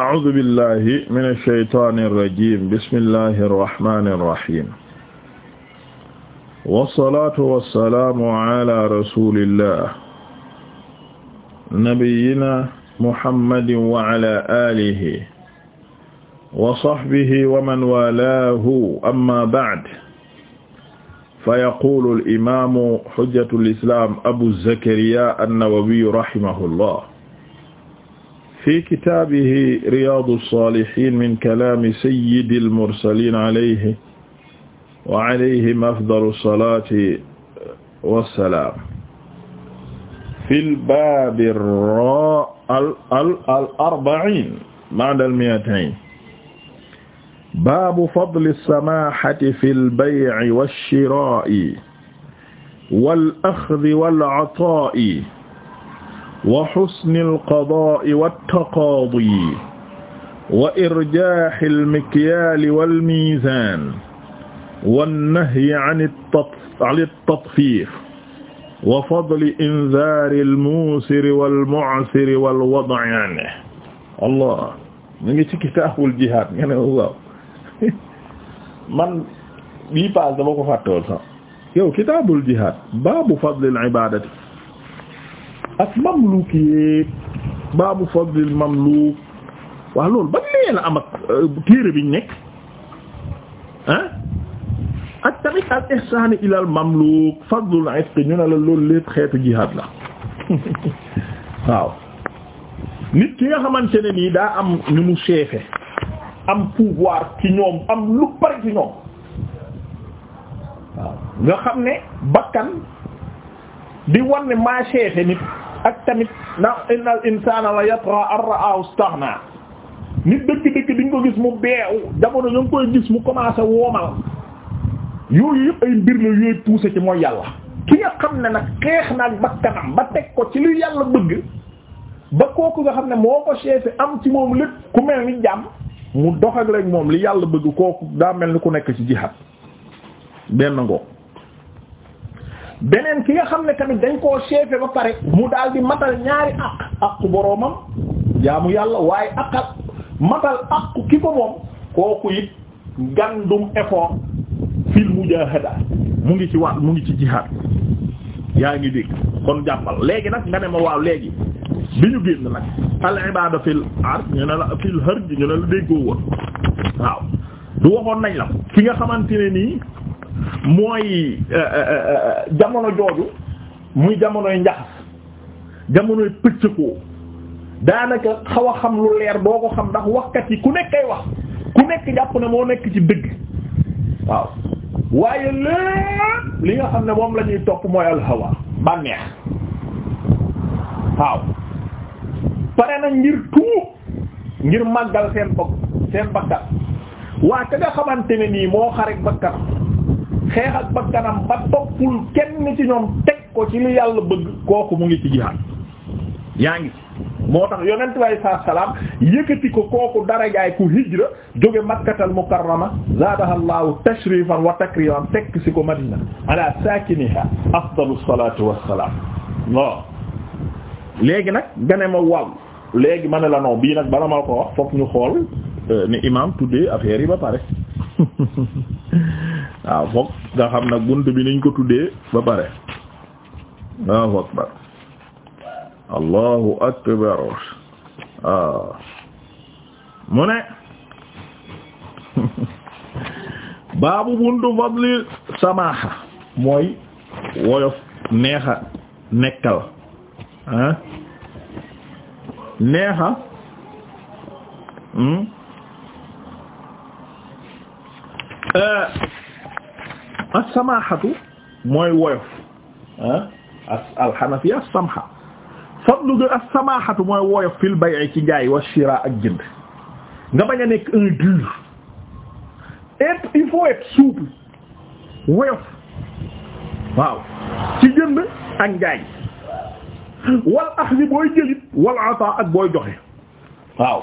a'uuzu billahi mina shaytaani rajiim bismillahi rahmaani rahiim wassalaatu wassalaamu alaa rasuulillah nabiyyinaa muhammadin wa alaa aalihi wa sahbihi wa man waalaahu ammaa ba'd fayaquulu al-imaamu hujjatul islaam abu zakariyaa an-nawawiyyu rahimahullah fi kitaabihi riyaadu saalihiin min kalaami sayyidil mursaliin alayhi wa alayhim afdalu salaati wa salaam. fil baabi al al al arba'iin ba'da al mi'atayn. baabu fadli samaahati fil bay'i wash shiraa'i wal axdi wal ataa'i. wa xusnil qadaa'i wattaqaadi wa irjaahil mikyaali wal miizaan wannahyi ani tatfiif wa fadli inzaaril muusiri wal mu'siri wal wad'i anhu. Allah ñu ngi ci kitaabul jihaad nga ne waaw man bii paas dama ko fàttewoon sax yow kitaabul jihaad baabu fadlil ibaadati ak mamluuk yi baabu fadlil mamluuk waaw loolu ba lee la am ak euh, téere biñ nekk ah ak tamit al ihsaan ilal mamluuk fadlul ifq ñu ne la loolu lépp xeetu jihaad la waaw nit ki nga xamante ne nii daa am ni mu seefe am pouvoir ci ñoom am lu bari ci ñoom waaw nga xam ne bakkan di wan ne maa seefe nit ak tamit na innal insana la yatra an ra'ahu istaghna nit dëkk-dëkk di ko gis mu beew jamono ñu ngi koy gis mu commencé woomal yooyu yëpp ay mbir la yooyu poussé ci mooy yàlla ki nga xam ne nag xeex na ak bakkanam ba teg ko ci lu yàlla bëgg ba kooku nga xam ne moo ko chef am ci moom lépp ku mel ni jàmm mu dox ak lañ moom li yàlla bëgg kooku daa mel ni ku nekk ci jihaad benn ngoo beneen ki nga xam ne tamit dañ koo seefe ba pare mu daal di matal ñaari àq àqu boroomam jaamu yàlla waaye àqal matal àqu ki ko moom kooku it gandum effort fil mujahada mu ngi ci waat mu ngi ci jihaad yaa ngi dégg kon jàppal léegi nag nga ne ma waaw léegi bi ñu génn nag al ibada fil ar ñu ne la fil harj ñu ne la déggoo woon waaw du waxoon nañ la fi nga xamante nii mooy euh, euh, euh, jamono jooju muy jamonoy njaxas jamonoy pëccëkoo daanaka xaw xam lu leer doo ko xam ndax waxkat yi ku nekk ay wax ku nekk jàpp na moo nekk ci dëgg waaw waaye lépp li nga xam ne moom la ñuy topp mooy alhawa bànneex waaw pare na ngir tuub ngir màggal seen bopp seen bakkan waa ka nga xamante ne nii moo xarek bakkan xeex ak bakkanam ba toppul kenn ci ñoom teg ko ci li yàlla bëgg kooku mu ngi ci jihaad yaa ngi moo tax yonent bi saa salaam yëkkati ko kooku darajaay ku hijra jóge makkatal mukarrama zaadahallahu tashrifan wa takriman fekk si ko madina ala saakiniha afdalu salaatu wassalaam léegi nag gane ma waaw léegi ma ne la non bii nag bala ma ko wax fokk ñu xool euh, ni imam tuddee affaire yi ba pare waaw foog nga xam nag bunt bi niñ ko tuddee ba pare allahu akbar allahu akbar waaw mu ne baabu buntu fadli samaha mooy woyof neexa nekkal ah neexa hmm? eh. as-samahatu mooy woyof ah al-hanafiya as-samha fadlu de as-samahatu mooy woyof fil bay'i ci jaay wa shira ak jënd nga bañ a nekk un dur être il faut être souple woyof waaw ci jënd ak njaay wal axli booy jëlit wal ata ak booy joxe waaw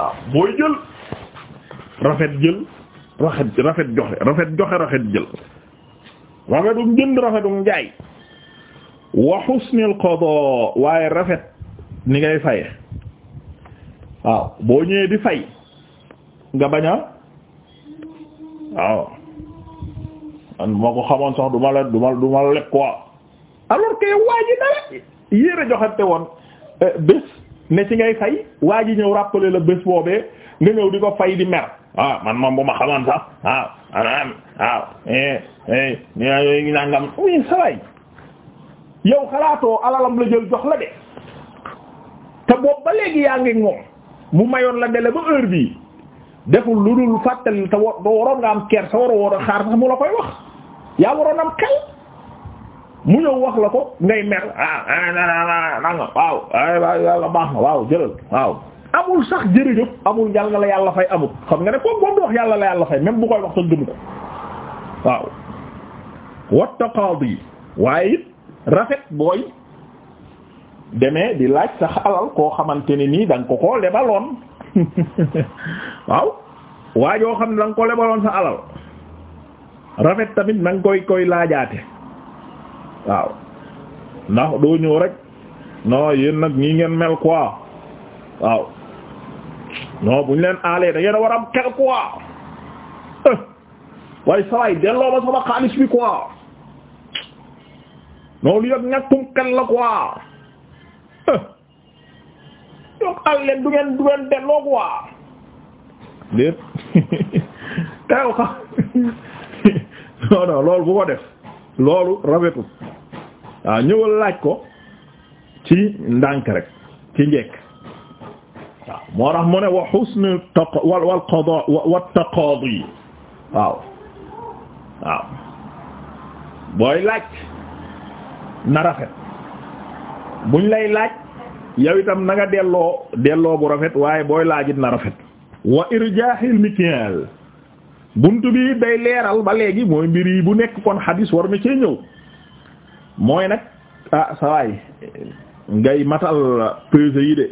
waaw booy jël rafet jël rafet rafet joxe rafet joxe rafet jël rafetum jënd rafetum jaay wa husnul qadaa waaye rafet ni ngay faye waaw boo ñëwee di fay nga bañ a waaw man bu ko xamoon sax du ma la du ma lekk quoi alors que waa ji dara yéere joxante woon eh, bés ne ci ngay fay waa ji ñëw rappeler la bés boobee nga ñëw di ko fay di mer ah man moom bu ma xamoon sax waaw anam waaw yooyu ngi nangam oui saway yow xalaatoo alalam la jël jox la de te boobu ba léegi yaa ngi moom mu mayoon la dele ba heure bii deful lu dul fàttali te waroon nga am ker sa war a war a la am xel mu ñëw wax la ko ngay mer ah, ah, ah, ah waaw waaw waaw jëlal waaw amul sax jërëjëf amul yàlla na la yàlla fay amul xam nga ne kooku moom du wax yàlla la yàlla fay même bu koy wax sax gëmu ko waaw wat taqaadi waaye it rafet booy demee di laaj sax alal koo xamante ne nii da nga ko koo lebaloon waaw waajoo xam ne da nga ko lebaloon sa alal rafet tamit na nga koy koy laajaate waaw ndax doo ñëw rek non yéen nag ñi ngeen mel quoi waaw non bu ñu leen aalee da ngeen a war a am xel quoi eh. delloo ma sama xaalis bi quoi non lu yëpp ñàkkum xel la eh. yokk al leen du ngeen du ngeen delloo quoi déet teew xa non loolu bu ko loolu rafetul waaw ñëwal laaj ko ci ndànk ci njekk moo tax mu ne wa husn taq wal wal qadaa wa taqaadi waaw waaw booy laaj na rafet buñ lay laaj yow itam na nga delloo delloo bu rafet waaye booy laajit na rafet wa irjaahil mikaal buntu bi day leeral ba léegi mooy mbir yi bu nekk kon xadis war na cee ñëw mooy nag ah sawaay ngay matal pesé yi de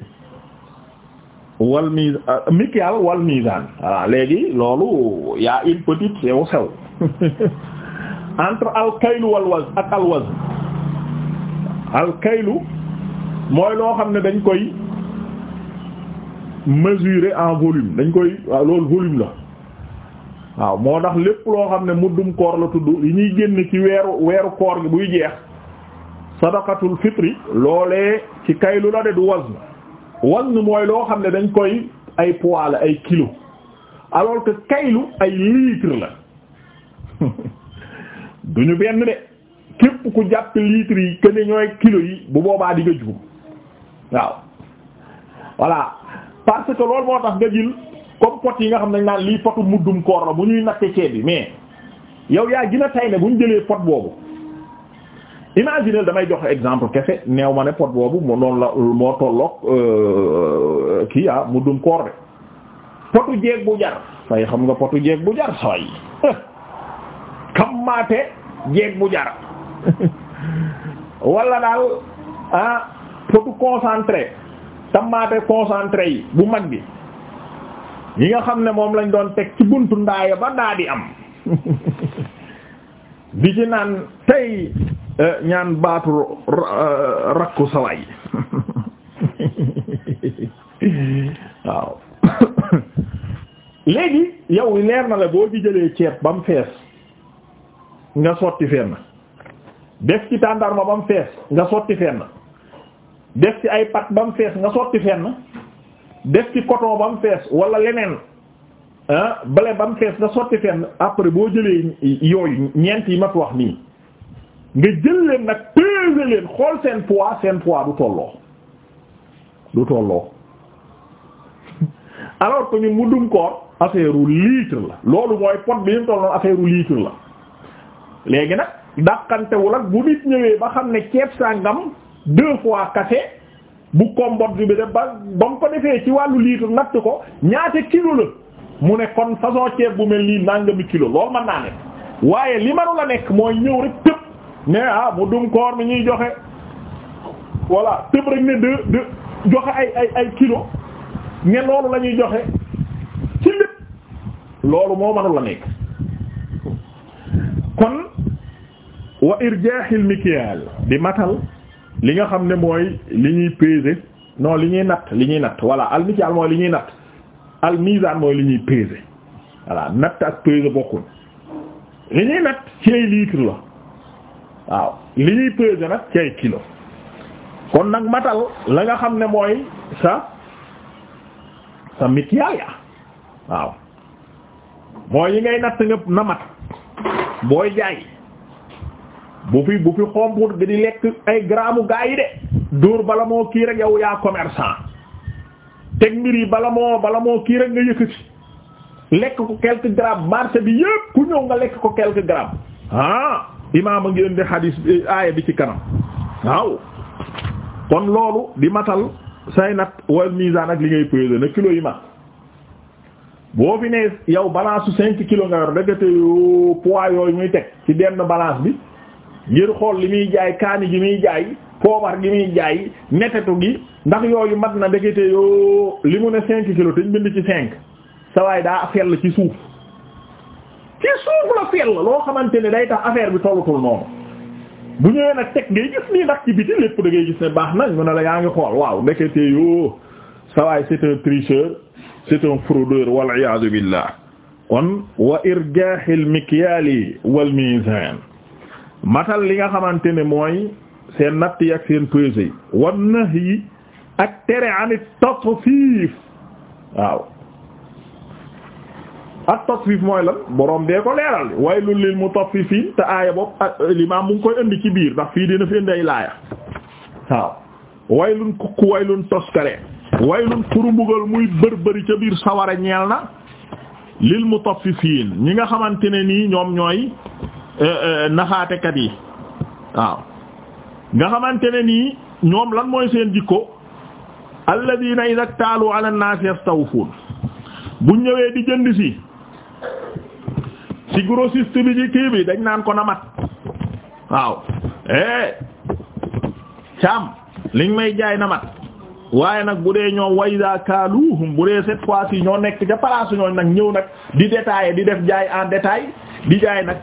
wal mi euh, mikyal wal mizan voilà léegi loolu y a une petite sew sew entre alkaylu wal wazn ak al wazn alkaylu mooy loo xam ne dañ koy mesurer en volume dañ koy loolu volume la waaw moo tax lépp loo xam ne muddum koor la tudd yi ñuy génn ci weeru weeru koor gi buy jeex sadaqatul fitri loolee ci kaylu la de du wazn wazn mooy loo xam ne dañ koy ay poids la ay kilo alors que kaylu ay litre la duñu benn de képp ku jàpp litres yi que ne ñooy kilo yi bu boobaa di nga juum waaw voilà parce que loolu moo tax nga jël comme pot yi nga xam ne naan lii potu muddum koor la bu ñuy natte ceeb bi mais yow yaa gin a tay ne bu ñu jëlee pot boobu imaginer damay jox exemple kese neew ma ne pot boobu moo noonu la moo tolloog euh, kii ah mu dum koor de potu jeeg bu jar say xam nga potu jeeg bu jar saway kammaate jeeg bu jar wala daal ah potu concentré tammaate concentré yi bu mag bi yi nga xam ne moom lañ doon teg ci buntu ndaaya ba daa di am bi ci naan tey Eh, ñaan baatu eh, rakku sawaay waaw léegi yow leer na la boo ci jëlee ceeb ba mu fees nga sotti fenn def ci tàndarma ba mu fees nga sotti fenn def ci ay pat ba mu fees nga sotti fenn def ci coton ba mu fees wala leneen ah bale ba mu fees nga sotti fenn après boo jëlee yooyu ñeent yi ma wax nii nga jël leen nag peser xool seen poids seen poids du tolloo du tolloo alors que ñun mu dum koor affaire la loolu mooy pot bi ñu tolloon affaire u la léegi nag dàqantewul ak bu nit ñëwee ba xam ne ceeb sàngam deux fois café bu compote bi def ba ba mu ko defee ci wàllu litre nag ko ñaata kilo la mu ne kon façon ceeb bu mel nii nangami kilo loolu mën naa nekk waaye li manu nekk mooy ñëw rek tëb ne ah mu dum koor mi ñuy joxe voilà tëb rek ne de de joxe ay ay ay kilo ne loolu la ñuy joxe ci lépp loolu moo mënul nekk kon wa irjahil mikial di matal li nga xam ne mooy li ñuy peser non li ñuy natt li ñuy natt wala al mikial mooy li ñuy natt al mizan mooy li ñuy peser voilà natt ak peser bokkuñ li ñuy natt ci ay litre la waaw li ñuy nag ci ay kilo kon nag matal la nga xam ne mooy sa sa mityaal waaw mooy yi ngay natt nga na mat booy jaay bu fi bu fi xomput di lekk ay gramu gaa de dóor bala moo kii rek yow yaa commerçant teg mbir yi bala moo bala moo kii rek nga yëkkati lekk ko quelques grammes marché bi yépp ku ñëw nga lekk ko quelques grammes ah imaam a ngi indi xadiis bi aaya bi ci kanam waaw kon loolu di matal say nat wal mizaan ak li ngay peser na kilo yi mat boo fi ne yow balaasu cinq kilo nga yor dëgg te poids yooyu muy teg ci benn balaas bi ngir xool li muy jaay kaani gi muy jaay poobar gi muy jaay netetu gi ndax yooyu mat na ndekete yoo li mu ne cinq kilos te ñu bind ci cinq waaye daa fell ci suuf ci suuf la fell loo xamante ne day tax affaire bi tollutul noonu bu ñëwee nag teg ngay gis nii ndax ci biti lépp da ngay gis ne baax na ñu ne la yaa ngi xool waaw ndeketee yoo sawaay c'est un tricheur c'est un fraudeur wal iyaadu billah kon wa irjahil mikyali wal mizan matal li nga xamante ne mooy seen natt yi ak seen pesées yi wan nax yi ak tere anit tasfif waaw ak taswif mooy lan borom dee ko leeral waylul lil mutaffifin te aaya bopp euh, limaam mu ngi koy indi ci biir ndax fii dina fi indi ay laaya waaw waylun kukku waylun toskare waylun pour mbugal muy bërbëri ca biir sawara ñeel na lil mutaffifin ñi nga xamante ne nii ñoom ñooy euh, euh, naxaatekat yi waaw nga xamante ne nii ñoom lan mooy seen jikko alladina idha taalu ala an-nas yastawfun bu ñëwee di jënd si ci grossiste bi ci kii bi dañ naan ko na mat waaw eh cam liñ may jaay na waaye nag bu dee ñoom wayda kaaluhum bu dee cette fois ci ñoo nekk ca palaasu ñooñ nag ñëw nag di détailler di def jaay en détail di jaay nag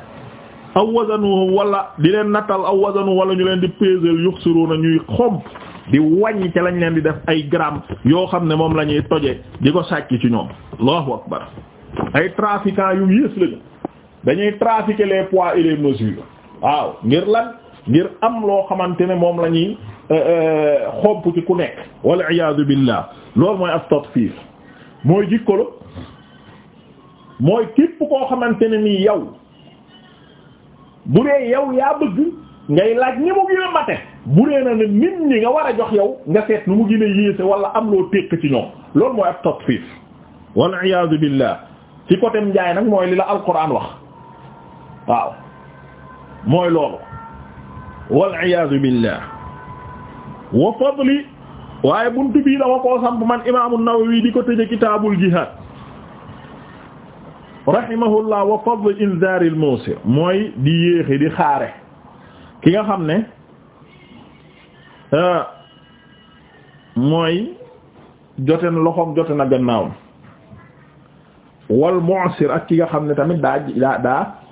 aw wazanuhum wala di leen nattal aw wazanu wala ñu leen di peser yuxsiruna ñuy xomb di wàññi ca lañ leen di def ay gramme yoo xam ne moom la toje di ko sàcc ci ñoom allahu akbar ay trafiquants yu yées lañu dañuy trafiquer les pois et les mesures waaw ngir lan ngir am loo xamante ne moom la ñuy euh, euh, xob ci ku nekk wal iyaadu billah lool mooy ak tatfiir mooy jikkolo mooy képp koo xamante ne nii yow bu dee yow yaa bëgg ngay laaj ni mu gën a mate bu dee na ne nit ñi nga war a jox yow nga seet nu mu gën a yéese wala am loo téq ci ñoom loolu mooy ak tatfiir wal iyaadu billah ci côté Njaay nag mooy li la alquran wax waaw mooy loolu wal iyaadu billah wa fadli waaye buntu bii dama koo samp man imaamu Nawawi di ko tëje kitaabul jihaad rahimahullah wa fadli inzaaril muusir mooy di yéexe di xaare ki nga xam ne euh, mooy jote na loxoom jote na gannaawam wal mu'sir ak ki nga xam ne tamit daa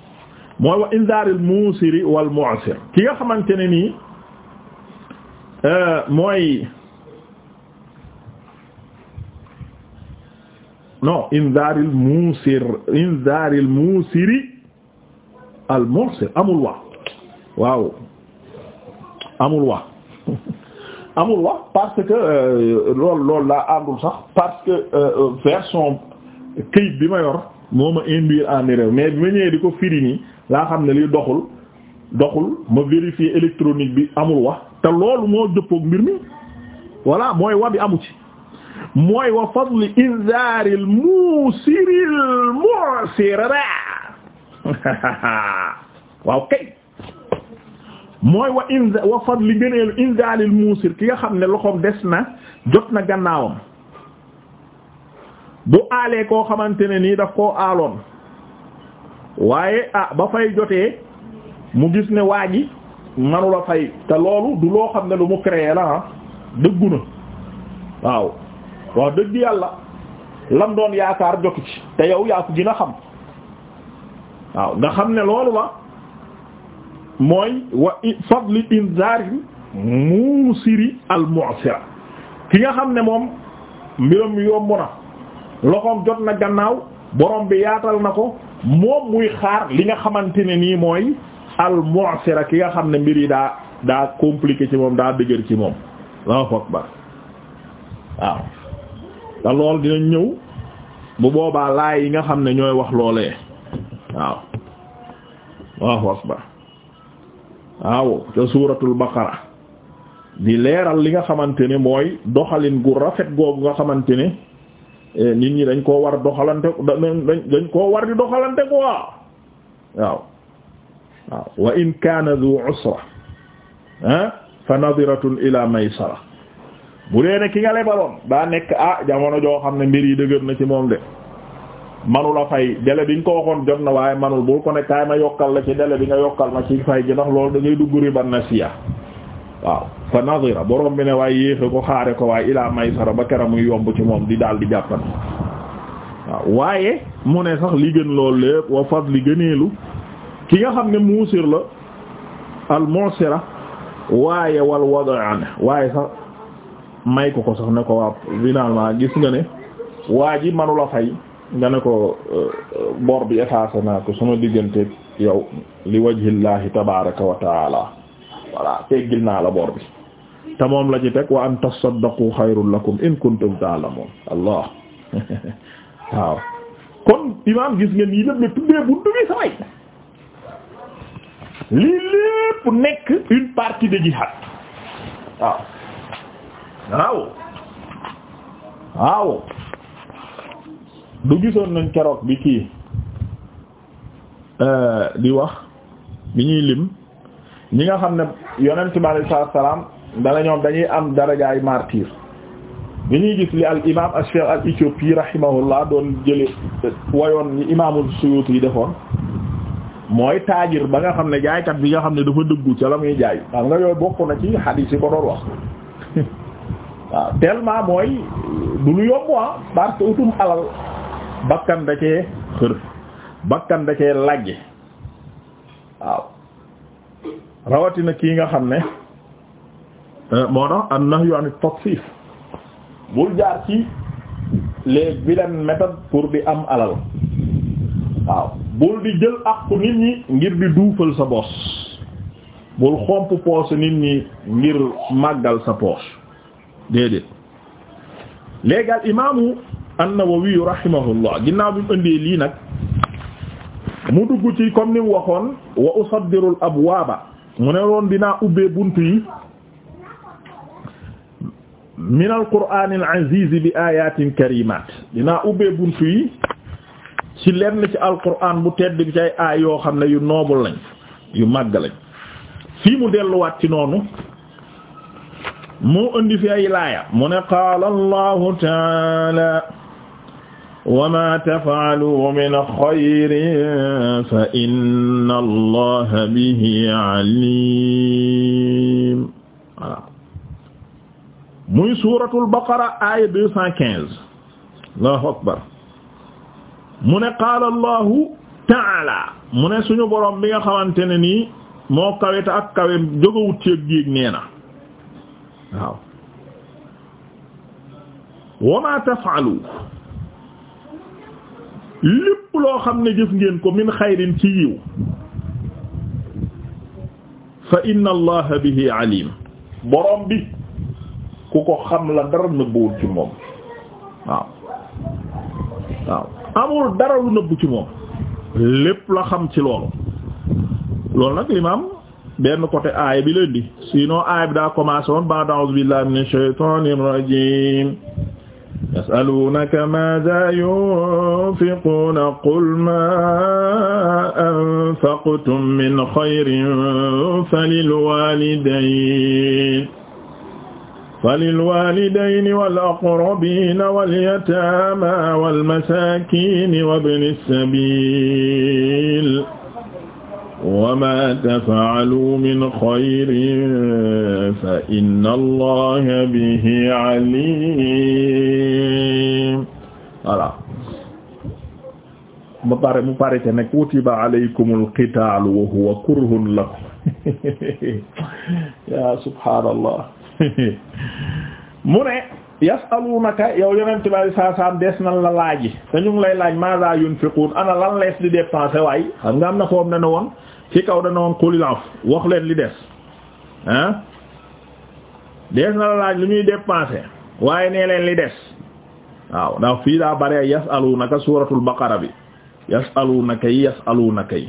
mooy wa inzaaril muusiri wal mu'sir ki nga xamante ne nii euh, mooy non inzaaril muusir inzaaril muusiri amul wa waaw amul wa amul wax parce que euh, lool loolu laa àndul sax parce que euh, version këyit bi ma yor moo ma induire en erreur mais bi ma ñëwee di ko firi nii laa xam ne lii doxul doxul ma vérifier électronique bi amul wax te loolu moo jëppook mbir mi voilà mooy wa bi amu ci mooy wa li inzaaril muusiril muusira waaw kay in ki nga xam ne loxoom des na jot na gannaawam bu aalee koo xamante ne nii daf koo aaloon waaye ah ba fay jotee mu gis ne waa ji manula fay te loolu du loo xam ne lu mu créé la ah dëggu na waaw wax dëgg yàlla lam doon yaakaar jotu ci te yow yaa ko xam waaw nga xam ne loolu la mooy wa fadli inzari muusiri al mu'sira ki nga xam ne moom mbiram yomb na loxoom jot na gannaaw borom bi yaatal na ko moom muy xaar li nga xamante ne nii mooy al mu'sira ki nga xam ne mbir yi daa daa compliqué ci moom daa dëgër ci moom Allahu akbar waaw te lool dinañ ñëw bu boobaa laay yi nga xam ne ñooy wax loolee waaw Allahu akbar waaw ca suuratul baqara di leeral li nga xamante ne mooy doxalin gu rafet googu nga xamante ne Eh, nit ñi dañ koo war doxalante dañ koo war di doxalante quoi waaw waaw wa in kaana du usra ah fa nadiratun ila maysara bu dee ne ki nga lebaloon daa nekk ah jamono joo xam ne mbir yi dëgër na ci moom de manu la fay délai bi nga ko waxoon jot na waaye manul bul ko ne ma yokkal la ci délai bi nga yokkal ma ci fay ji ndax lool da ngay dugg riba nasiya waaw fa nazira borom bi ne waaye yéexe ko xaare ko waaye ilaa maysara ba kera muy yomb ci moom di daal di jàppan waaw waaye mu ne sax li gën loolu lépp wa fadli gëneelu ki nga xam ne muusir la al muusira waaye wal wadaan waaye sax may ko ko sax ne ko waa finalement gis nga ne waa ji manula fay nga ne ko euh, bor bi effacé naa ko sama diggante yow li wajhillahi tabaraka wa taala voilà teggil naa la bor bi te moom la ci teg wa an tasaddaqu xayrun lakum in kuntum ta'lamun allah waaw kon imaam gis ngeen yi lépp nekk une partie de jihad waaw waaw waaw du gisoon nañ keroog bi kii euh, di wax bi ñuy lim ñi nga xam ne yonent bi salaam dana ñoom dañuy am darajaay martyr bi ñuy gis li al imam al-Cheikh al-Éthiopie rahimahullah doon jële woyoon yi imaamul Suyuti yi defoon mooy taajir ba nga xam ne jaaykat bi nga xam ne dafa dëggu ca la muy jaay xam nga yooyu bokk na ci hadith yi ko doon wax waaw tellement mooy du lu yokk ah parce que utum alal bakkan da cee xër bakkan da cee waaw rawatina kii nga xam ne Euh, moo tax an nahyu an at bul jaar ci les vilaines méthodes pour di am alal waaw bul di jël àqu nit ñi ngir di duufal sa bos bul xomp poche nit ñi ngir màggal sa poche déedéet léegi al imaamu an-Nawawi rahimahullah ginnaaw bi indee lii nag mu dugg ci comme ni mu waxoon wa usaddiru abwaaba mu ne woon dinaa ubbee bunt yi min alqur'aan al-aziz bi ayatin karimat dinaa ubbee buntu yi ci lenn ci alqur'aan bu tedd bi ci ay aay yoo xam ne yu noobul lañ yu màgg lañ fii mu delluwaat ci noonu mu indi fi ay laaya mu ne qaala allahu taala wa ma taf'alu min xayrin fa inna allaha bihi alim voilà muy suuratul baqara aaya deux cent akbar mu ne qaala taala mu suñu borom bi nga xamante ne nii moo kawe te ak kawe jógawut ci géej na waaw tafaalu lépp loo xam ne jëf ngeen ko min xayrin ci yiw fa bihi alim borom bi ku ko xam la dara nëbbuwul ci moom waaw waaw amul dara lu nëbbu ci moom lépp la xam ci loolu loolu nag limaam benn côté aaya bi leen di sinon aaya bi daa commencé woon ba a'uuzu billahi minash shaytaanir rajiim yas'aluunaka maazaa yunfiquuna qul maa anfaqtum min xayrin falil waalidayn falilwalidayni wal aqrabiina wal yataama wal masaakiini wabni sabiil wamaa taf'aluu min xayrin fa inna Allaha bihi aliim voilà mu pare mu pare te nag kutiba alaykumul qitaalu wa huwa kurhun lakum yaa subhaanallah mu ne naka yow yonente bi saa saam des nan la laaji dañu ngi lay laaj maza yunfiqun ana lan lees di dépensé waay xam nga am na foom dana woon ci kaw dana woon qulil af wax leen li des ah dees na la laaj lu ñuy dépensé waaye nee leen li des waaw ndax fii daa bare yasalunaka suuratul baqara bi yasalunaka yi yasalunaka yi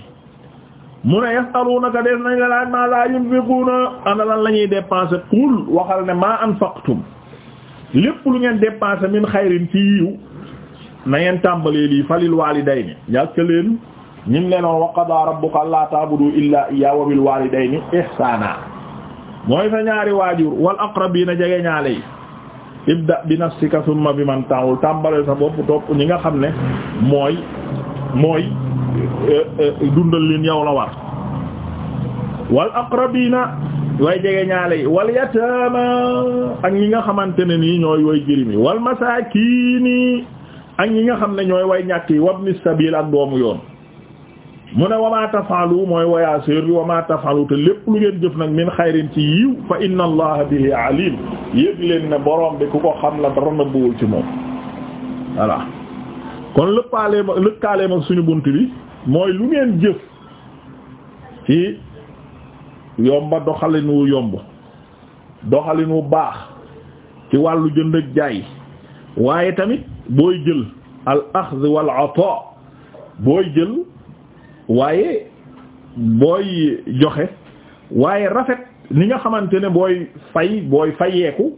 mu ne yasalunaka des nañ la laaj maa la yunfiquna ana lan la ñuy dépenser qul waxal ne maa anfaqtum lépp lu ngeen dépenser min xayrin ci yiw na ngeen tàmbalee lii falil walidayni ñàkk leen ñim lenoon wa qada rabbuka alla ta'budu illa iyyahu wa bil walidayni ihsana mooy sa ñaari waajur wal aqrabina jege ñaale yi ibda bi nafsika thumma bi man ta'ul tàmbaleel sa bopp topp ñi nga xam ne mooy mooy dundal leen yow la war wal aqrabina way jege ñaale yi wal yataama ak ñi nga xamante ne nii ñooy way jërim yi wal masaakiini ak ñi nga xam ne ñooy way ñàkk yi wabni sabil ak doomu yoon mu ne wama tafalu mooy voyageur bi wama tafalu te lépp lu ngeen jëf nag min xayrin ci yiw fa inna allaha bihi alim yëg leen ne borom bi ku ko xam la dara nëbbuwul ci moom voilà kon lëppaaleem ak lëkkaaleem ak suñu bunt bi mooy lu ngeen jëf ci yomba doxalin wu yomb doxalin wu baax ci wàllu jënd ak jaay waaye tamit booy jël al axd wal ata booy jël waaye booy joxe waaye rafet ni nga xamante ne booy fay booy fayeeku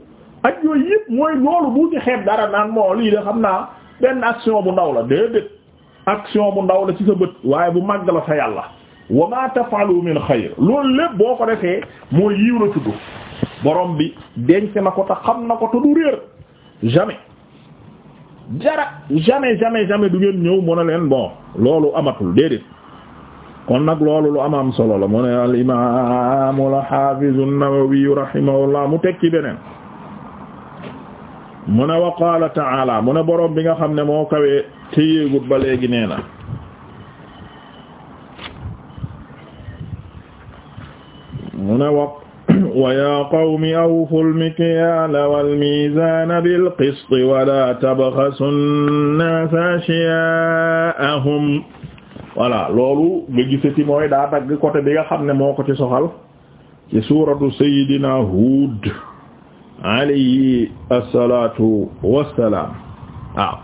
ak yooyu yëpp mooy loolu bu ci dara naan moo lii de xam naa benn action bu ndaw la déedéet action bu ndaw la ci sa bët waaye bu màgg la fa yàlla wa ma tafaalu min xayr loolu lépp boo ko defee mooy yiw la tudd borom bi denc na ko te xam na ko te du réer jamais jara jamais jamais jamais du ngeen ñëw mu ne leen bon loolu amatul déedéet kon nag loolu lu ama am solo la mu ne al imaam al haafiz an-Nawawi rahimahullah mu tekki beneen mu ne wa qaala ta'ala mu ne boroom bi nga xam ne moo kawee te yéegut ba léegi nee na mu ne wa wa yaa qawmi awfu al-mikyaala wal-miizaana bil-qisti wa laa tabxasu an-naasa ashyaa'ahum voilà loolu nga gisati mooy daa dagg côté bi nga xam ne moo ko ci soxal ci suuratu Seydina Huud alayhi asalaatu wassalaam waaw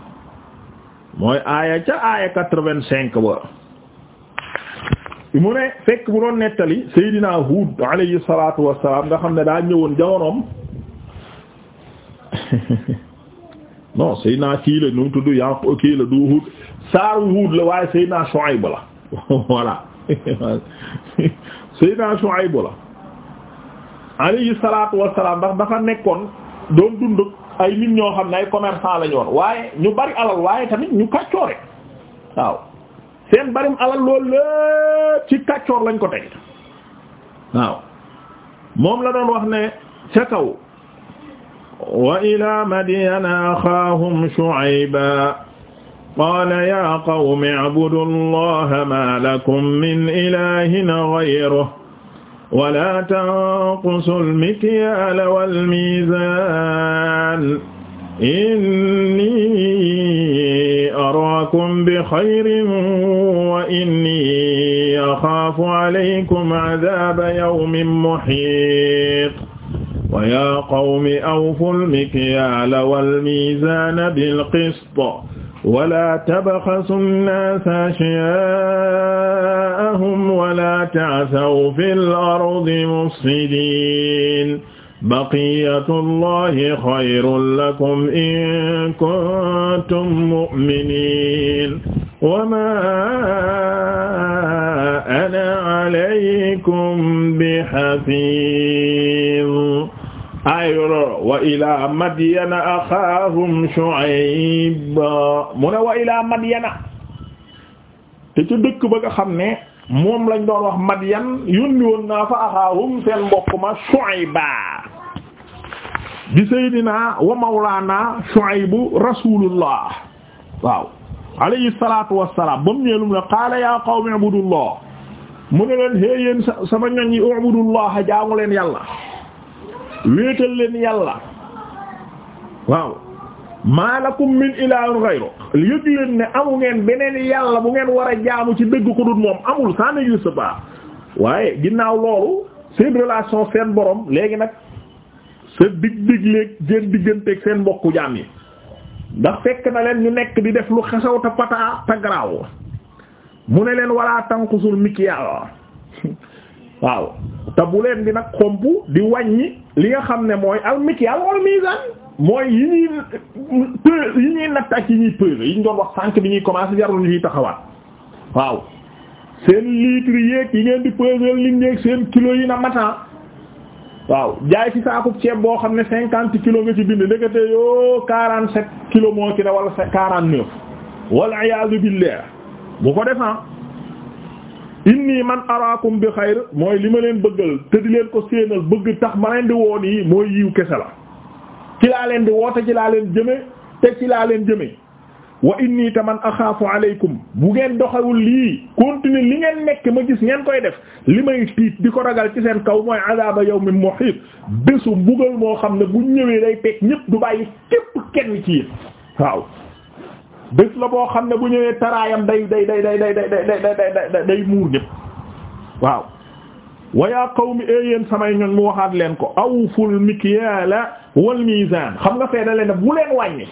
mooy aaya ca aaya quatre-vingt-cinq ba mu ne fekk bu doon nettali Seydina Huud alayhi salaatu wassalaam nga xam ne daa ñëwoon jamonoom non Seydina kii la ñu tudd yaa kii la du Huud saaru Huud la waaye Seydina Shuayb la voilà Seydina Shuayb la alayhi salaatu wassalaam ndax dafa nekkoon doon dund ay nit ñoo xam ne ay commerçant lañu woon waaye ñu bari alal waaye tamit ñu kàccoore waaw seen barim alal loolu lépp ci kàccoor lañ ko teg waaw moom la doon wax ne ca kaw wa ila madyana axaahum shu'ayba qaala ya qawmi a'budu allaha ma lakum min ilahin ghayruhu wala tanqusu almikyaala walmizaan inni araakum bi xayrin wa inni axaafu alaykum adaaba yawmin muhiit wa yaa qawmi awfu almikyaala walmizaana bilqist wala tabxasu nnaasa ashyaa'ahum wala ta'thaw fil ardi mufsidiin baqiyatullahi xayrun lakum in kuntum mu'miniin wa maa ana alaykum bihafiiz ayoro wa ila madyana axaahum shuayba mu ne wa ila madyana te ca dëkk ba nga xam ne moom lañ doon wax madyan yónni woon naa fa axaahum seen mbokk ma shuayba di saydina wa mawlaana shuaybu rasulullah waaw alayhi salatu wassalam ba mu ñeelum ne qaala ya qawmi ibudullah mu ne leen hé yéen sama ñoñ yi ibudullah jaamu leen yàlla wéetal leen yàlla waaw la min ilahin ghayru yëg leen ne amu ngeen beneen yàlla bu ngeen war a jaamu ci dëgg ko dul moom amul ça sa pas waaye ginnaaw loolu seen relation seen borom léegi nag sa dig-dig léeg seen digganteeg seen mbokku jaam yi ndax fekk na leen ñu nekk di def lu xesaw te pataa te mu ne leen walaa tanqusul mikiyaal waaw te leen di nag xomp di wàññi li nga xam ne mooy al mikyal wal mizan mooy yi ñuy peser yi ñuy natt ak yi ñuy peser yi ñu doon wax sànq bi ñuy commencer jarul ñu ciy taxawaat waaw seen litre yeeg yi ngeen di peser li ngeen seen kilo yi na matan waaw jaay ci saakub ceeb boo xam ne cinquante kilo nga ci bind ndekete yoo quarante sept kilo moo ci ne wala quarante neuf wal iyaazu billah bu ko defee ah. inni man araakum bi xayr mooy li ma leen bëggal te di leen ko séenal bëgg tax ma leen di woon yi mooy yiw kese la ci laa leen di woote ci laa leen jëme te ci laa leen jëme wa inni te man axaafu aleykum bu ngeen doxewul lii continuer li ngeen nekk ma gis ngeen koy def li may tiit di ko ragal ci seen kaw mooy azaba yawmin muhiit bésu mbugal moo xam ne bu ñëwee day teg ñëpp du bàyyi képp kenn ci yéen waaw bés la boo xam ne bu ñëwee taraayam day day day day day day day day muur ñëpp waaw wayaa qawmi e yéen samay ñoñ mu waxaat leen ko awful mikyala wal mizan xam nga fee da leen bu leen wàññi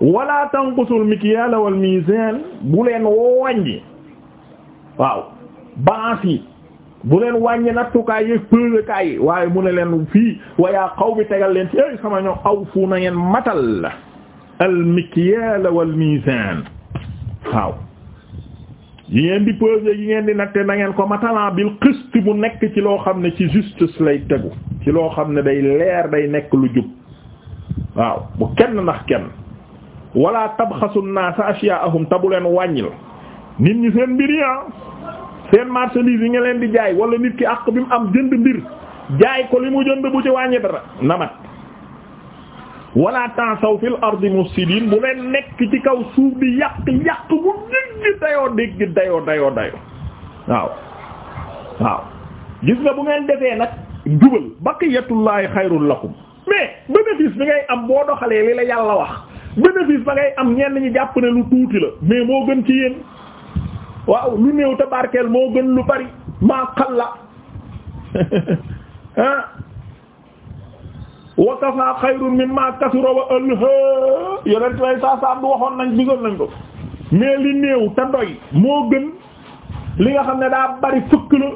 wala tanqusul mikyala wal mizan bu leen wàññi waaw balance yi bu leen wàññi nattukaay yi pesekaay yi waaye mu ne leen fii wayaa qawmi tegal leen ci ey sama aw awfu na ngeen matal al-mikyaal wal-miizaan waaw yi ngeen di peser yi ngeen di natte na ngeen ko matalan ah, bil qist bu nekk ci loo xam ne ci justice lay tegu ci loo xam ne day leer day nekk lu jub waaw bu kenn ndax kenn wala tabxasu naasa ashyaahum tabu leen wàññil nit ñi seen mbir yi ah seen marchandise yi nga leen di jaay wala nit ki àq bi mu am jënd mbir jaay ko li mu jënd bu ci wàññi dara namat wala ta'saw fil ardi mufsidin bu leen nekk ci kaw suuf di yàq yàq bu digg dayoo digg dayoo dayoo dayoo waaw waaw gis nga bu ngeen defee nag jubal baqiyatullahi xayrul lakum mais bénéfice bi ngay am boo doxalee li la yàlla wax bénéfice ba ngay am ñenn ñi jàpp ne lu tuuti la mais moo gën ci yéen waaw lu new te barkeel moo gën lu bari maa xalla ah wa kafaa xayrun mimma kasura wa alha yeneen way saa saa du waxoon nañ gisoon nañ ko mais li néew te doy moo gën li nga xam ne daa bari fukk la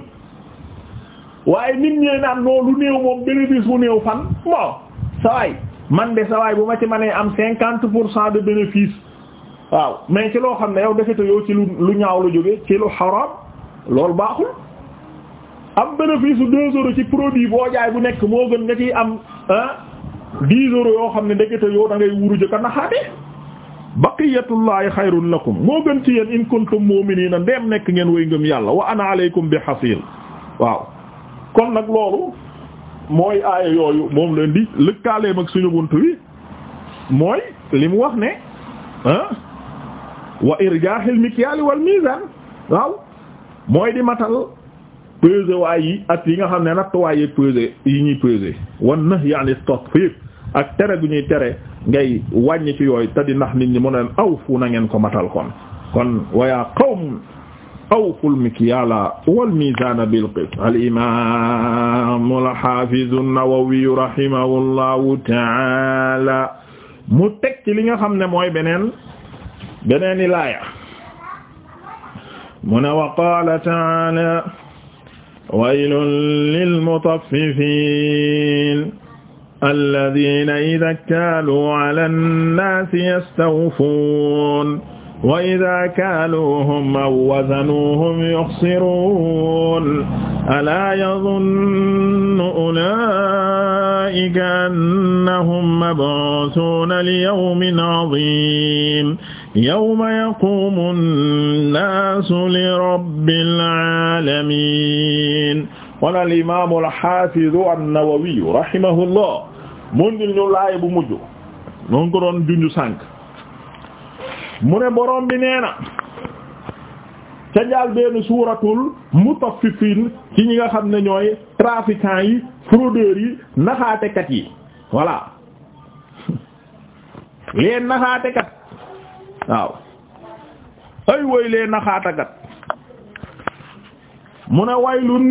waaye nit ñee naan noonu lu néew moom bénéfice bu néew fan bon sawaay man de sawaay bu ma ci mënee am cinquante pour cent de bénéfice waaw mais ci loo xam ne yow defete yow ci lu ñaaw lu jóge ci lu xaraam loolu baaxul am bénéfice su deux euros ci produit boo jaay bu nekk moo gën nga ciy am ah dix euros yoo xam ne ndekete yoo da ngay wuru jëkka naxaate baqiyatullahi xayrun lakum moo gën ci yéen in kuntum na ndeem nekk ngeen way ngëm yàlla wa ana alaykum bi xasiir waaw kon nag loolu mooy aaya yooyu moom leen di lëkkaaleem ak suñu bunt wi mooy li mu wax ne ah wa irjahil mikyaali wal mizan waaw mooy di matal peser waay yi ak nga xam ne nattuwaay yi peser yi ñuy peser wan na yaani tatfiif ak tere gu ñuy tere ngay wàññi ci yooyu te di ndax ni ñi mu neen aw fu na ngeen ko matal kon kon wayaa qawm awful mikyaala wal miizaana bil qist al imaam al haafiz an-Nawawi rahimahullahu taala mu teg ci li nga xam ne mooy beneen beneen i laaya mu wa qaala taala waylun lilmutaffifiin allaziina izaa ktaaluu ala nnaasi yastawfuun wa izaa kaaluuhum aw wazanuuhum yuxsiruun alaa yazunnu ulaa'ika annahum mab'uusuuna liyawmin aziim yawma yaqumu nnaasu li rabbil aalamiin wana al imaamu alxaafidu annawawiyu rahimahullah mu ngi ñu laay bu mujj mu ngi ko doon junj sànq mu ne borom bi nee na ca jaal benn suuratul mutaffifiin ci ñi nga xam ne ñooy trafiquants yi fraudeurs yi naxaatekat yi voilà les naxaatekat waaw ay woy lee naxaatakat mu ne waylun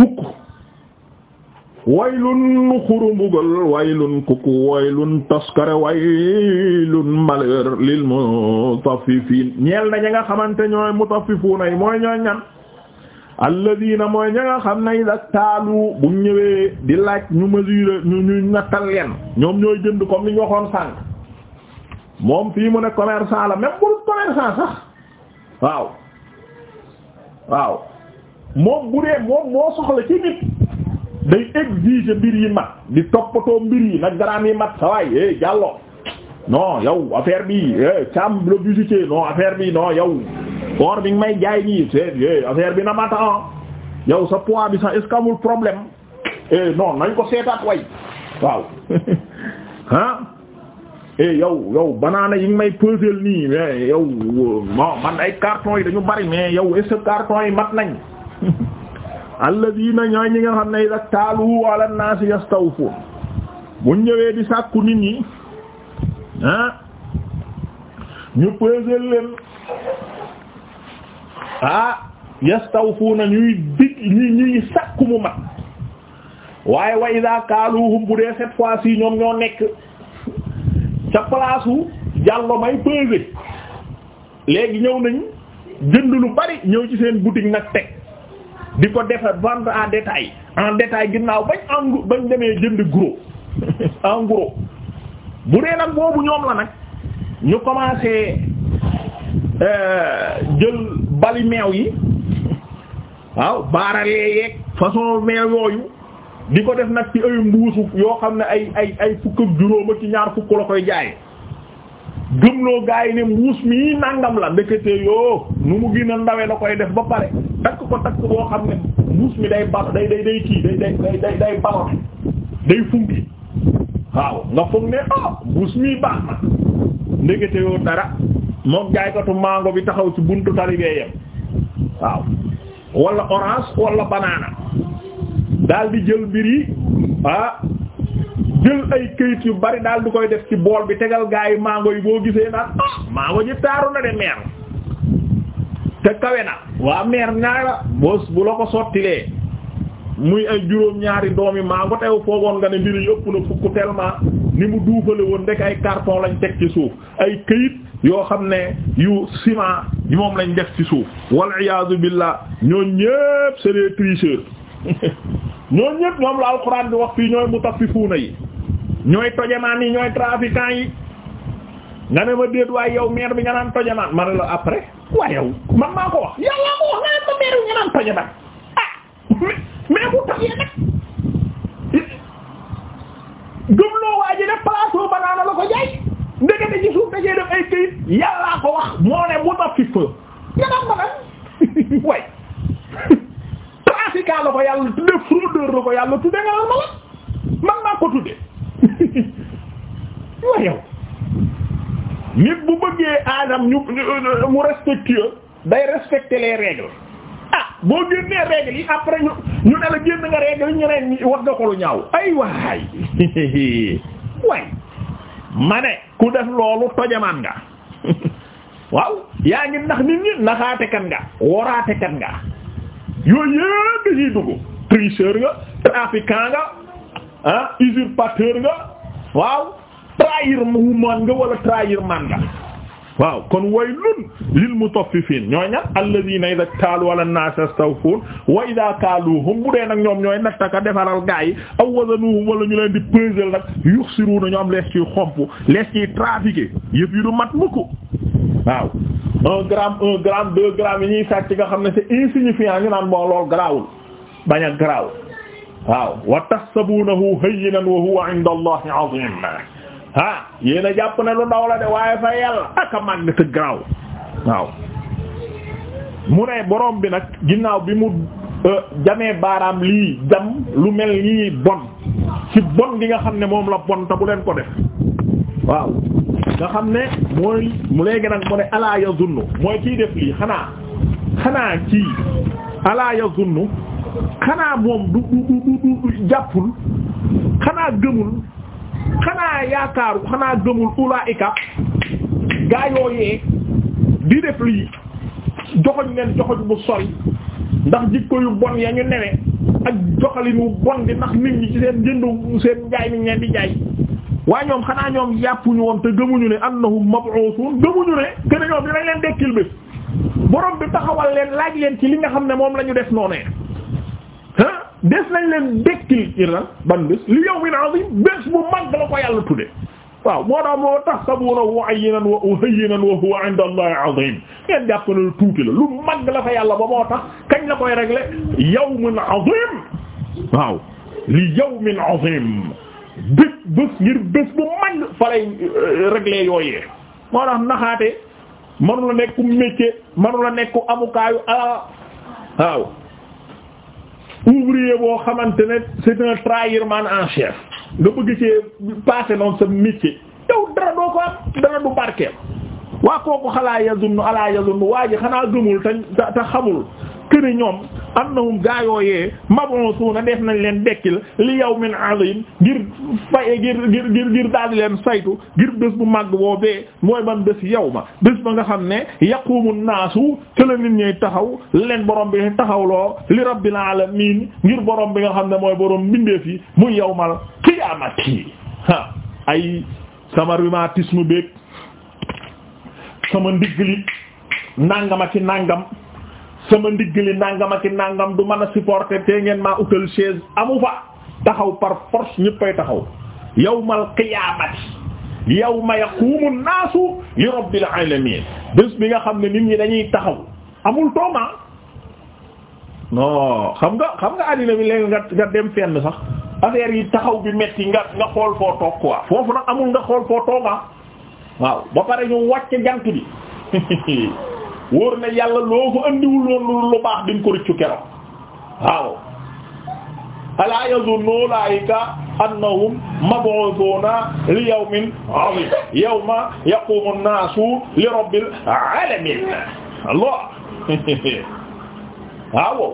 kukk waylun xurumbugal waylun kukk waylun toskare waylun malheur lil mutaffifin ñeel na ña nga xamante ñooy mutaffifuuna yi mooy ñooy ñan alladina mooy ña nga xam ne taalu bu ñëwee di laaj ñu mesure ñu ñu nattal leen ñoom ñooy jënd comme li waxoon sànq moom fii mu ne commerçant la même bu commerçant sax waaw waaw moom bu dee moom moo soxla ci nit day exiger mbir mat di toppatoo mbir nag garaam yi mat sawaay eh jàlloo non yow affaire bi cam eh, le visiter non affaire bi non yow or may jaay nii c'est eh, affaire bi na mata ah yow sa poids bi sax est-ce eh, non nañ ko seetaat way waaw ah eh yow yow banaana yi nga may pesel nii mais eh, yow non man ay carton yi dañu bari mais yow est carton yi mat nañ alladina ñooy ñi nga xam ne ida taalu ala naas yastawfun buñ ñëwee di sàkku nit ñi ah, ñu pesel leen ah yastawfuna ñuy dig ñuy ñuy mu mat waaye wa ida kaaluhum bu dee fois-ci ñoom ñoo nekk ca place wu jàllo may pesé léegi ñëw nañ jënd lu bari ñëw ci seen boutique nag teg di ko defar vendre en détail en détail ginnaaw bañ en bañ demee jënd gros en gros bu dee nag boobu ñoom la nag ñu commencé euh, jël bali meew yi waaw baaralee yeeg façon meew yooyu di ko def nag ci ay mbuusu yoo xam ne ay ay ay fukk ak ci ñaar fukk la koy jaay gëmloo gaa yi ne mbuus mii nangam la ndekete yoo nu mu gina a ndawe la koy def ba pare takk ko takk boo xam ne mbuus mi day bal day day day kii day day day day balote day funki waaw nga foog ne ah mbuus mii baax na ndekete yoo dara moom jaaykatu mango bi taxaw ci buntu tali bee yem waaw wala orange wala banana. daal di jël mbir yi ah jël ay këyit yu bari daal di koy def ci bool bi tegal gaa yi mango yi boo gisee naan ah mango ji taaru na de meer te kawe na waa meer ñaara boos bu la ko sottilee muy ay juróom ñaari doomi mango teew foogoon nga ne mbir yi na fukk tellement ni mu duufale woon ndek ay carton lañ teg ci suuf ay këyit yoo xam ne yu ciment yi moom lañ def ci suuf wal iyaazu billah ñoo ñépp c'est des ñoo ñëpp ñoom la alxuraan bi wax fii ñooy mutaffifuuna yi ñooy tojamaan yi ñooy trafiquant yi nga ne ma déet waaye yow maire bi nga naan tojamaan ma ne la après waaye yow man maa ko wax yàlla ko wax nga ne ma maire bi nga naan tojamaan ah mais bu tax yéen nag gëmloo waa ji ne place banaana la ko jaay ndekete ci suuf dajee def ay këyit yàllaa ko wax moo ne mutaffifu nga naan ma naan waaye syndicat ko yàlla tudde fraudeur la yàlla tudde nga naan mala man naa ko tudde wa yow nit bu bëggee aadam ñu mu respectueux day respecter les règles ah boo génnee règles yi après ñu ne la génn nga règles ñu neen wax ko lu ñaaw ay waay waay ma ne ku def loolu tojamaan nga waaw yaa ngi ndax nit ñi naxaate kan nga woraate kan nga yooyu yëpp dañuy dugg tricheur nga trafiquant nga ah usurpateur nga waaw trahir mu man nga wala trahir man nga waaw kon waylun lil mutaffifin ñooy ñan alladhina idha taalu ala an-nas istawfun wa idha kaaluhum bu dee nag ñoom ñooy nattaka defar gaa yi aw wazanuhum wala ñu leen di peser nag yuxsiruna ñu am lees ciy xomp lees ciy trafiqué yëf yi du mat mukk waaw un gramme un gramme deux grammes yi ñuy sàcc nga xam ne c'est insignifiant ñu naan moo lool garaawul bañ a garaaw waaw wa tahsabunahu hayyinan wa huwa inda allahi azim ah yéena jàpp ne lu ndaw la de waaye fa yàlla aka màgg te garaaw waaw mu ne borom bi nag ginnaaw bi mu euh, jamee baaraam lii jam lu mel nii bon ci bon gi nga xam ne moom la bon te bu leen ko def waaw nga xam ne mooy mu léegi nag mu ne alaa yazunnu mooy kiy def lii xanaa xanaa kii alaa yazunnu xanaa moom du du du du jàppul xanaa gëmul xanaa yaakaaru xanaa gëmul ulaa'ika gaa yooyee di def lii joxoñ leen joxoñ bu sori ndax jikko yu bon ya ñu newe ak joxalin bon di ndax nit ñi ci seen jëndu seen njaay mi ñu waa ñoom xanaa ñoom yàppuñu woon te gëmuñu ne annahum mab'uthun gëmuñu ne que ne ñoom dinañ leen dekkil bés borom leen laaj leen ci li nga xam ne moom la ñu def noonu ah des nañ leen dekkil iran ban bés li yawmin azim bés bu ko yàlla tudde waaw moo tax moo tahsabunahu ayyinan wa hayyinan wa huwa 'inda allahi 'azim ngeen jàpp lu tuuti lu mag fa yàlla ba moo tax kañ la ko régler yawmun 'azim waaw li yawmin 'azim bés bés ngir bés bu mag fa lay euh, régler yooyee moo tax naxaate manu la nekku métier manu la nekku amukaayu ah waaw ouvrier boo xamante ne c'est un trahirman en chef nga bëgg ci passé noonu sa métier yow dara doo ko am dara du barkeel waa kooku xalaa yazunnu alaa yazunnu waa ji xanaa gëmul te xamul këne ñoom annahum gaayooyee mab'uthuna def nañ leen dekkil li yawmin azim ngir faye ngir ngir ngir daal leen saytu ngir bés bu màgg boobee mooy ban bés yawma bés ba nga xam ne yaqumu naasu te la nit ñuy taxaw leen borom bi taxawloo li rabbil alamin ngir borom bi nga xam ne mooy borom mbindeef yi muy yawmal ma ha ay sama rhumatisme beeg sama ndigli nangam ak nangam. sama ndiggali nangam ak nangam du man a supporter te ngeen ma utal chaise amu fa taxaw par force ñëppay taxaw yawmal qiyaamati yawma yaqumu naasu li rabbil alamin bés bi nga xam ne nit ñi dañuy taxaw amul tooma non xam nga xam nga àddina bi léegi nga nga dem fenn sax affaire yi taxaw bi metti nga nga xool foo toog quoi foofu nag amul nga xool foo tooga waaw ba pare ñu wàcc jant bi wóor na yàlla loo fa andiwul woon lu baax di ko rëccu keroog waaw alaa yazunnu ulaa'ika annahum mab'uusuuna li yawmin 'aziim yawma yaquumu an-naasu li rabbil 'aalamiin Allah waaw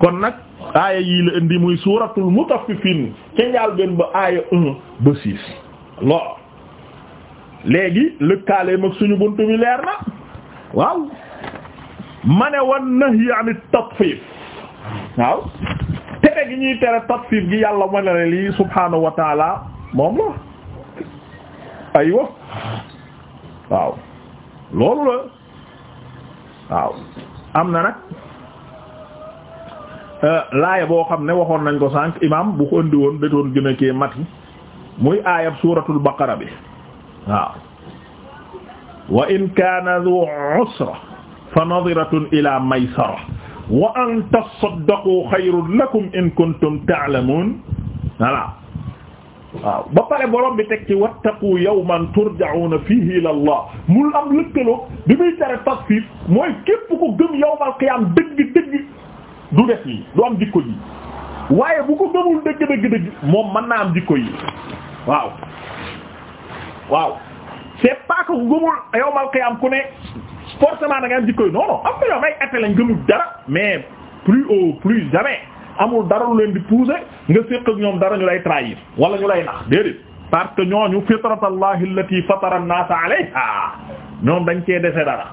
kon nag aaya yii la indi muy suuratul mutaffifiin ca njaal benn ba aaya un ba six Allah léegi lëkkaaleem ak suñu buntu bi leer na waaw ma ne wan nahyi an tatfif waaw tere gi ñuy tere tatfif gi yàlla ma ne lii subhaanahu wa moom la aywa waaw loolu la waaw am na nag euh, laaya boo xam ne waxoon nañ ko sànq imam bu ko andi woon da doon mati muy aayab suuratul baqara bi waaw wa in kaana du usra fa nadiratun ila maysara wa an tasaddaqu xayrun lakum in kuntum ta'lamun voilà waaw ba pare borom bi teg ci wattaqu yawman turja'una fihi ila Allah mu am lëkkaloo bi muy tere tasfiif mooy képp ko gëm yawmal qiyaam dëgg dëgg du def lii du am jikko ji waaye bu ko gëmul dëgg dëgg dëgg moom mën na am jikko yi waaw waaw c'est pas que gëmul yowmal qiyam ku ne forcément da nga am jikko yi am na yow may atte lañ gëmul dara mais plus au plus jamais amul dara lu leen di pousser nga séq ak ñoom dara ñu lay trahir wala ñu lay nax déedéet parce que ñooñu fitratallahi allati fatara an-nas alayha ñoom dañ cee dese dara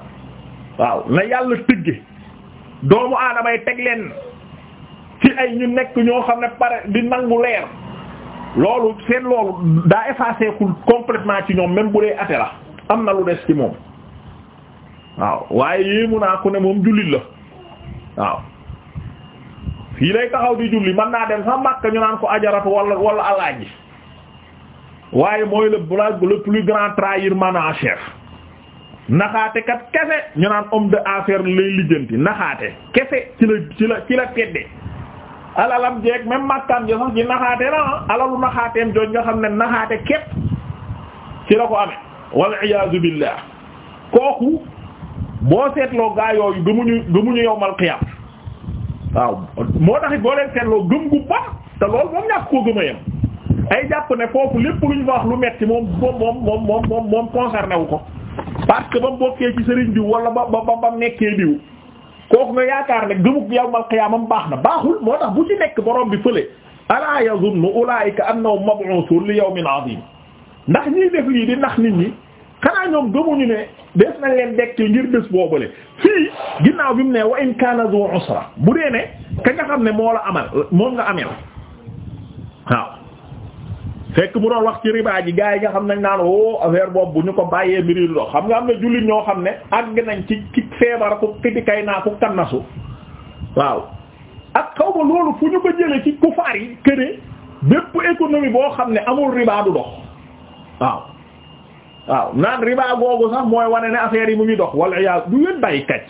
waaw na yàlla tëgge doomu aadamay teg leen ci ay ñu nekk ñoo xam ne pare di nangu leer loolu seen loolu daa effacé kul complètement ci ñoom même bu dee ate la am na lu des ci moom waaw waaye yéemu naa ku ne moom jullit la waaw fii lay taxaw di julli mën naa dem sax Makka ñu naan ko ajaratu wala wala alaaji waaye mooy le blague le plus grand trahirman en chef naxaate kat kese ñu naan homme affaire lay lijjanti naxaate kese ci la ci la ci la tedde alalam jeeg même makkaam jo sax naxaate na alalu naxaateem jooju nga xam ne naxaate képp ci la ko amee wal iyaazu billah kooku boo seetloo gaa yooyu gëmuñu gëmuñu yowmal qiyam waaw moo taxit boo leen seetloo gëm gu te loolu moom ñàkk koo gëm a ay jàpp ne foofu lépp lu ñu fa wax lu metti moom moom moom moom moom moom ko parce que ba mu bokkee ci sëriñ diw wala ba ba ba mu nekkee diw kooku nga yaakaar ne gëmug yawmal qiyaamam baax na baaxul moo tax bu ci nekk borom bi fële alaa yazunnu ulaa'ika annahum mab'uusuun li yawmin 'aziim ndax ñiy def lii di nax nit ñi xanaa ñoom gëmuñu ne des nañ leen dekk ngir bés boobule fii ginnaaw bi mu ne wa in kaana dhu usra bu dee ne ka nga xam ne moo la amal moom nga ameel waaw fekk mu doon wax ci riba ji gars yi nga xam nañ naan o affaire boobu bu ñu ko bàyyee mbiri dox xam nga am na jullit ñoo xam ne àgg nañ ci ci feebar ku kiti kay naa ku kannasu waaw ak xaw ma loolu fu ñu ko jële ci kufaar yi këne bépp économie boo xam ne amul riba du dox waaw waaw naan riba googu sax mooy wane ne affaire yi mu ngi dox wala yaa du yéen bàyyi kacc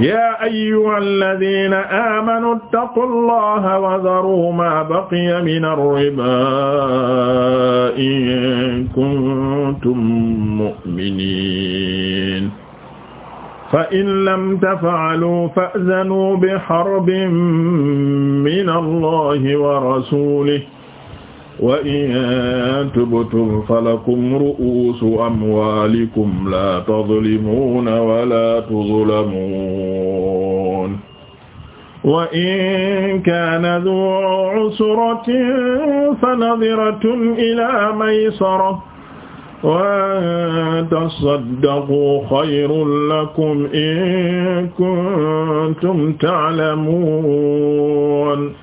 yaa ayyuhal laziina aamanu ittaqullaaha wa zaruu maa baqiya minar ribaa in kuntum mu'miniin fa in lam taf'aluu fa'zanuu biharbin minallaahi wa rasuulihi wa in tubtum falakum ru'usu amwalikum la tadlimuna wala tuzlamun wa in kana dhu 'usratin fanadhiratun ila maysara wa tasaddaqu khayrun lakum in kuntum ta'lamun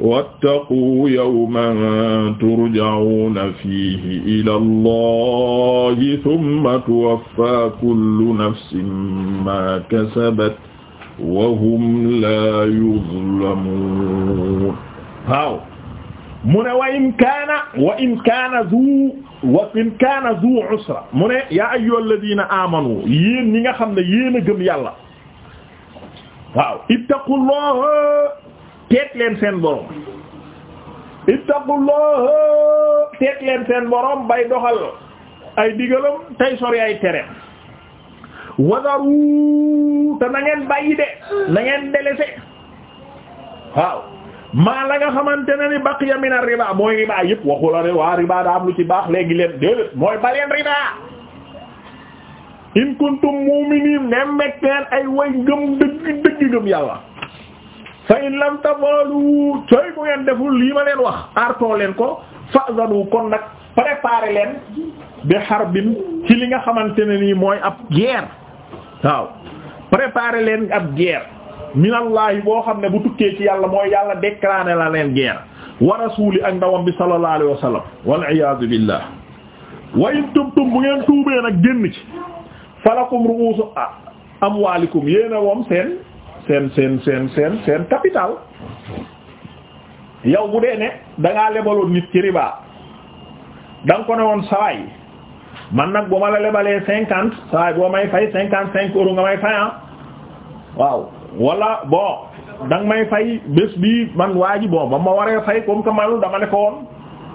wattaquu yawman turja'uuna fiihi ilaa Allahi summa tuwaffaa kullu nafsin maa kasabat wa hum laa yuzlamuun waaw mu ne wa in kaana wa in kaana duu wa in kaana duu usra mu ne yaa ayyuhal laziina aamanu yéen ñi nga xam ne yéen a gëm yàlla waaw ittaqullaha teet leen seen borom ittaqullah teet leen seen borom bay doxal ay digalam tey sori ay tere wadaru te na ngeen bàyyi de na ngeen délaissé waaw maa la nga xamante ne ni baqiya min ar-riba mooy riba yëpp waxu la waa riba daa lu ci baax léegi leen déedéet mooy baleen riba in kuntum mu'minin nem mekk ay way ngëm dëgg dëgg ngëm yàlla fa in lam coy bu ngeen deful lii ma leen wax artoo leen ko fa'zanu kon nag préparer leen bi harbin ci li nga xamante ne nii mooy ab guerre waaw préparer leen ab guerre minallahi boo xam ne bu tukkee ci yàlla mooy yàlla déclarer la leen guerre wa rasuli ak ndawam bi sallallahu alayhi wa sallam wal iyaadu billah wa in tubtum bu ngeen tuubee nag génn ci falakum ru'usu amwaalikum yéena moom seen seen seen seen seen capital yow bu dee ne da lebaloon nit ci riba ko ne woon sawaay man nag boo ma la lebalee cinquante sawaay boo may fay cinquante cinq euros nga may fay ah waaw wala bon da may fay bés bi man waa ji bon ba ma waree fay comme que manu dama ne ko woon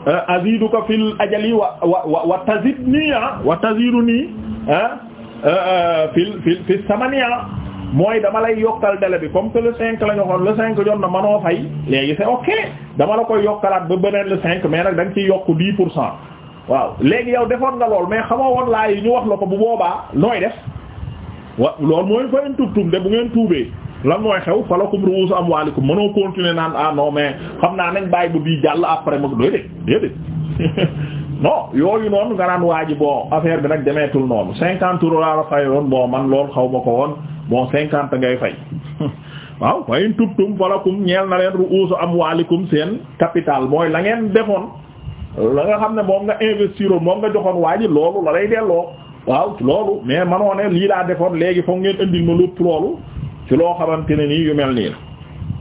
euh, aziduka fil ajali wa wa wa tazid nii wa ah, tazidu nii ah, euh, euh, fil fil fil samania ah. mooy dama lay yokkal délai bi comme que le cinq la ñu waxoon le cinq jot na mënoo fay léegi c'est ok dama la koy yokkalaat ba beneen le cinq mais nag danga ci yokk dix pour cent waaw léegi yow defoon nga lool mais xamoo woon laa yi ñu wax la ko bu boobaa nooy def wa loolu mooy fa in tubtum de bu ngeen tuubee lan mooy xew falakum ru'uusu amwaalikum mënoo continuer naan ah non mais xam naa nañ bàyyi bu bii jàll après mag doy de déedéet non yooyu noonu nga naan waa ji bon affaire bi nag demeetul noonu cinquante euros laa la fayoon bon man loolu xaw ma ko woon bon cinquante ngay fay waaw wayin tubtum falakum ñeel na leen ru'usu amwaalikum seen capital mooy la ngeen defoon la nga xam ne moom nga investiroon moom nga joxoon waa ji loolu la lay delloo waaw loolu mais manoo ne lii daa defoon léegi foog ngeen indil ma lépp loolu ci loo xamante ne nii yu mel nii la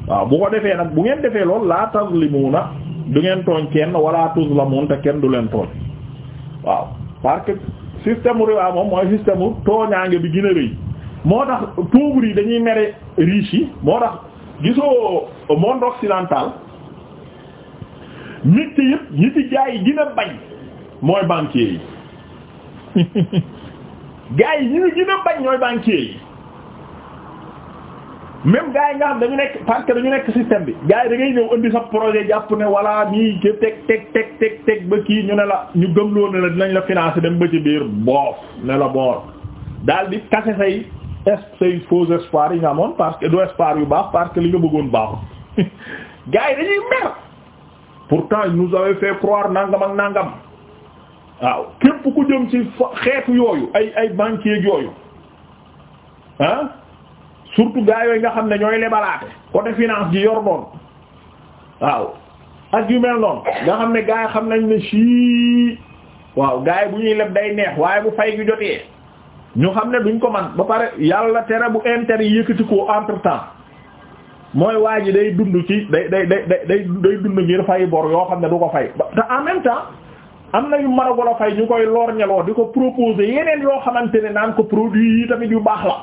waaw bu ko defee nag bu ngeen defee loolu laa tazlimuuna du ngeen tooñ kenn wala moom te kenn du leen tooñ waaw parce que système riba moom mooy moo tax pauvres yi dañuy mere riches yi moo tax gisoo monde occidental nit ki yëpp ñi ci gaa yi gën a bañ mooy banquiers yi gaa yi ñu ngi gën a bañ ñooy banquiers yi même gaa yi nga xam dañu nekk parce que dañu nekk système bi gaa yi da ngay ñëw indi sa projet jàpp ne voilà nii ke teg teg teg teg teg ba kii ñu ne la ñu gëmloo ne la dinañ la financer dem ba ci biir boof ne la boor daal di kase say say faux espoir yi nga amoon parce que du espoir yu baax parce que li nga bëggoon baaxul gars yi dañuy mer pourtant nous avaient fait croire nangam ak nangam waaw képp ku jëm ci xeetu yooyu ay ay banquiers yooyu ah surtout gars yooyu nga xam ne ñooy lebalaate côté finance ji yor noonu waaw ak yu mel noonu nga xam ne gars xam nañ ne sii waaw gars yi bu ñuy leb day neex waaye bu fay gi jotee. ñu xam ne duñ ko man ba pare yàlla tere bu intérêt yi yëkkati ko entre temps mooy waa ji day dund ci day day day day day dund ngir fay bor yoo xam ne du ko fay te en même temps am na yu maragol a fay ñu koy lorñeloo di ko proposer yeneen yoo xamante ne naan ko produit yi tamit yu baax la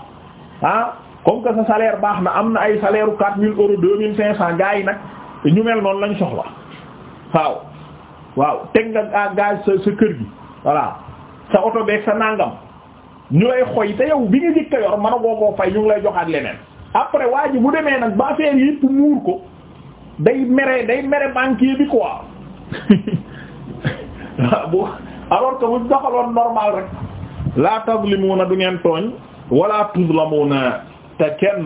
ah comme que sa salaire baax na am na ay salaire u quatre mille euros deux mille cinq cent gars yi nag ñu mel noonu lañu soxla waaw waaw teg nga gaz sa sa kër gi voilà sa oto beeg sa nangam ñu lay xoy te yow bi nga njëkk a yor mën a koo koo fay ñu ngi lay joxaat leneen après waa ji bu demee nag ba affaire yëpp muur ko day mere day mere banquier bi quoi waaw alors que bu doxaloon normal rek laa tazlimuna du ngeen tooñ wala tuzlamuna te kenn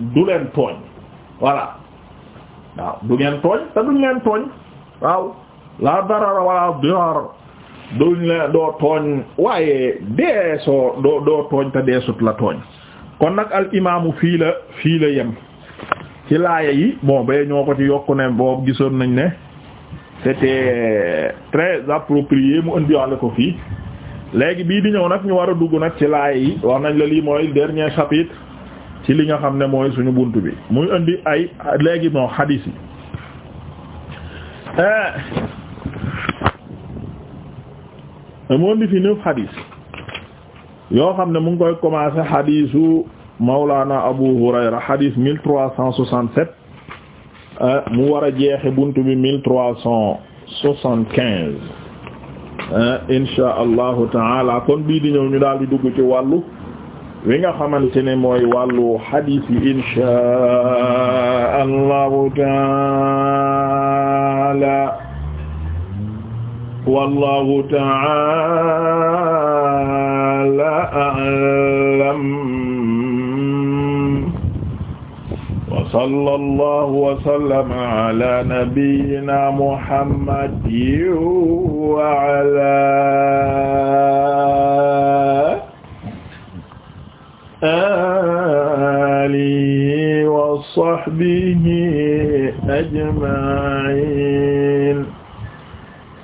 du leen tooñ voilà waaw du ngeen tooñ te duñ leen tooñ waaw laa darara wala dirar duñ la doo tooñ waaye deesoo doo doo tooñ te deesut la tooñ kon nag al imaamu fii la fii la yem ci laaya yi bon ba ñoo ko ci yokku ne boobu gisoon nañ ne c'était très approprié mu indiwaale ko fii léegi bii di ñëw nag ñu war a dugg nag ci laaya yi wax nañ la lii mooy dernier chapitre ci li nga xam ne mooy suñu bunt bi mu indi ay léegi moo xadiis yi euh, moo di fi neuf xadis yoo xam ne mu ngi koy commencé xadisu Mawlana Abu Hurayra xadis euh, mu war a jeexe buntu bi mille trois cent soixante euh, kon bii di ñëw ñu daal di dugg ci wàllu wi nga xamante ne mooy wàllu xadis yi insha allahu taala wallahu ta'ala a'lam wa sallallahu wa sallama ala nabiyyina muhammadin wa ala alihi wa sahbihi ajma'in